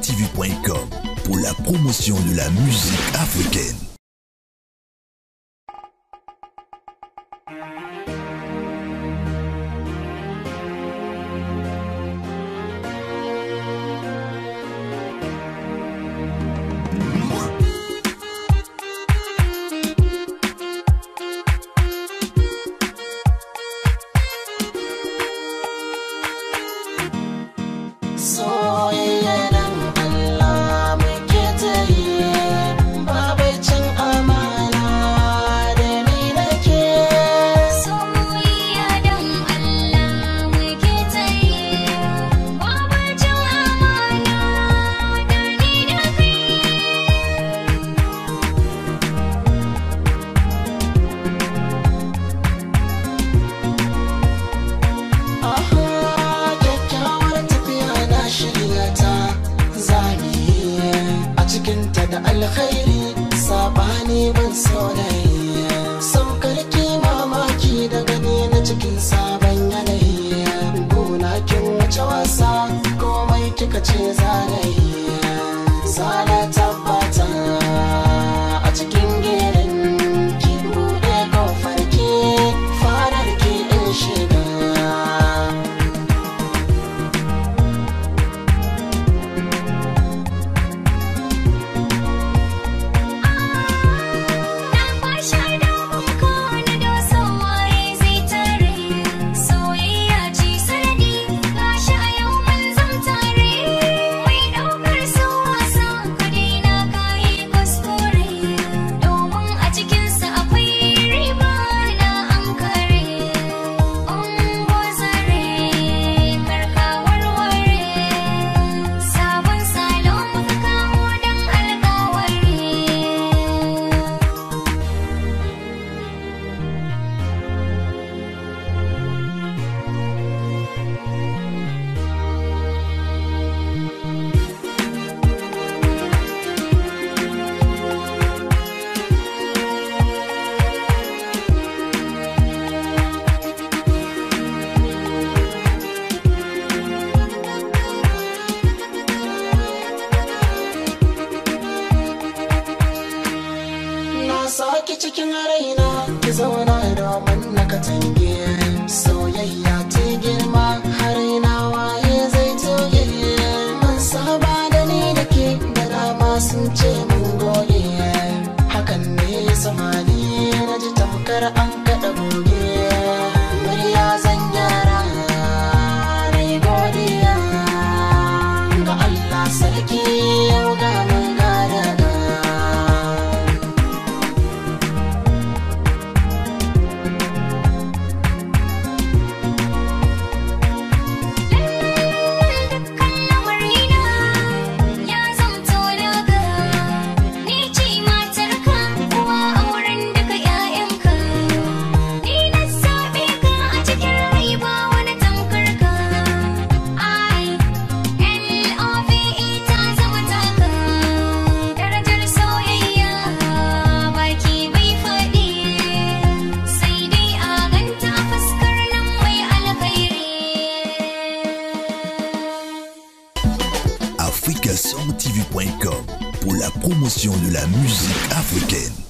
tv.com pour la promotion de la musique africaine. da alkhairi sabani ban saurayi sam karki mamaki da gani na cikin sabon yanayi gona kin wuce wasa komai kika ce za ki cikin raina ki zauna domin na ka tange soyayya ta girma har ina waye zai toge mun saba da ni da ke da dama sun ce mun goge hakan ne samani na ji tamkar an kaɗa goge murya zan yara rai godiya ga Allah sarki Afrika100TV.com pour la promotion de la musique africaine.